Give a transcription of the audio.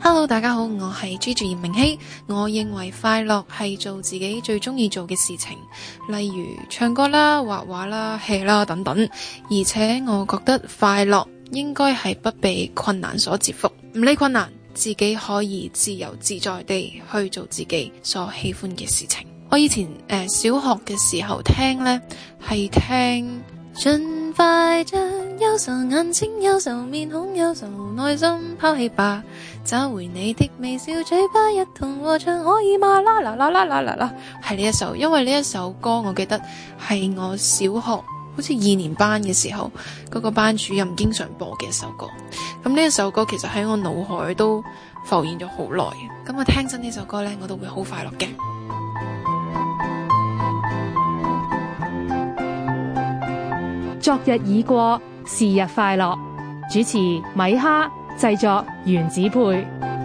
Hello，大家好，我係 Gigi 炎明熹。我認為快樂係做自己最中意做嘅事情，例如唱歌啦、畫畫啦、戲啦等等。而且我覺得快樂應該係不被困難所折服，唔理困難，自己可以自由自在地去做自己所喜歡嘅事情。我以前誒、呃、小學嘅時候聽呢，係聽《盡快有時候眼睛，有時候面孔，有時候內心，拋棄吧，找回你的微笑，嘴巴一同和唱，可以嗎啦啦啦啦啦啦啦。係呢一首，因為呢一首歌，我記得係我小學好似二年班嘅時候，嗰個班主任經常播嘅一首歌。咁呢一首歌其實喺我腦海都浮現咗好耐。咁我聽真呢首歌呢，我都會好快樂嘅。昨日已過。是日快樂，主持米哈，製作原子配。